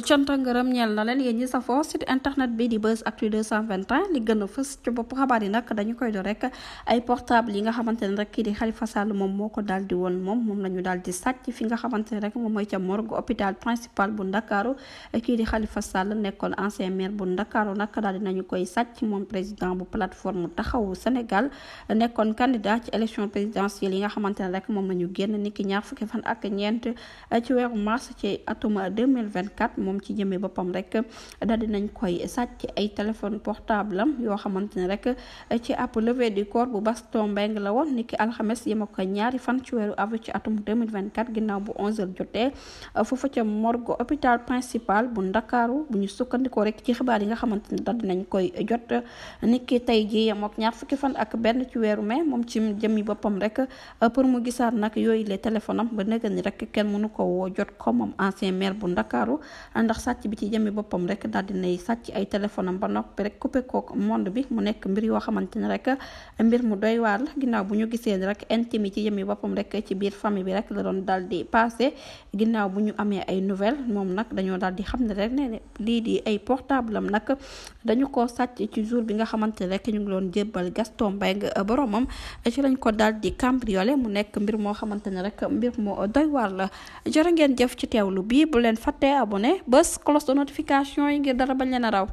canta ngërëm ñeel na leen yéen ñi safoo site internet bi di Buzz Actu 221 li gën fës ci bopp xabaar yi nag dañu koy do rek ay portable yi nga xamante ne rek kii di Khalifa Sall moom moo ko dal di woon moom moom la ñu daal di sàcc fi nga xamante ne rek moom mooy ca morgue hôpital principal bu Ndakaaru kii di Khalifa Sall nekkoon ancien maire bu Ndakaaru nag daal di nañu koy sàcc moom président bu plateforme taxawu Sénégal nekkoon candidat ci élection présidentielle yi nga xamante ne rek moom la ñu génn niki ñaar fukki fan ak ñeent ci weeru mars ci moom ci jëmee boppam rek daal dinañ koy sàcc ay téléphone portable am yoo xamante ne rek ci ab levée du corps bu Gaston Mbengue la woon niki alxames yem ak ñaari fan ci weeru avril ci atum 2024 ginnaaw bu 11h jotee foofa ca morgue hôpital principal bu Ndakaaru bu ñu sukkandikoo rek ci xibaar yi nga xamante ne daal dinañ koy jot niki tey jii yem ak ñaar fukki fan ak benn ci weeru mai moom ci jëmmi boppam rek pour mu gisaat nag yooyu les téléphone am ba nëgën ni rek kenn mënu ko woo jot ko moom maire bu Ndakaaru ndax sàcc bi ci jëmmi boppam rek daal dinay sàcc ay téléphone am ba nopp rek coupé kook monde bi mu nekk mbir yoo xamante ne rek mbir mu doy ginnaaw bu ñu gisee rek intime yi ci boppam rek ci biir famille bi rek la doon daal di passé ginnaaw bu ñu amee ay nouvelle moom nag dañoo daal di xam ne rek ne lii di ay portable am nag dañu ko sàcc ci jour bi nga xamante ne rek ñu ngi doon jébbal Gaston Mbengue boromam ci lañ ko daal di cambriolé mu nekk mbir moo xamante ne rek mbir mu doy waar la jërë ngeen jëf ci teewlu bi bu leen fàttee bone bés cloche de notification yi ngir dara bañ leen a raw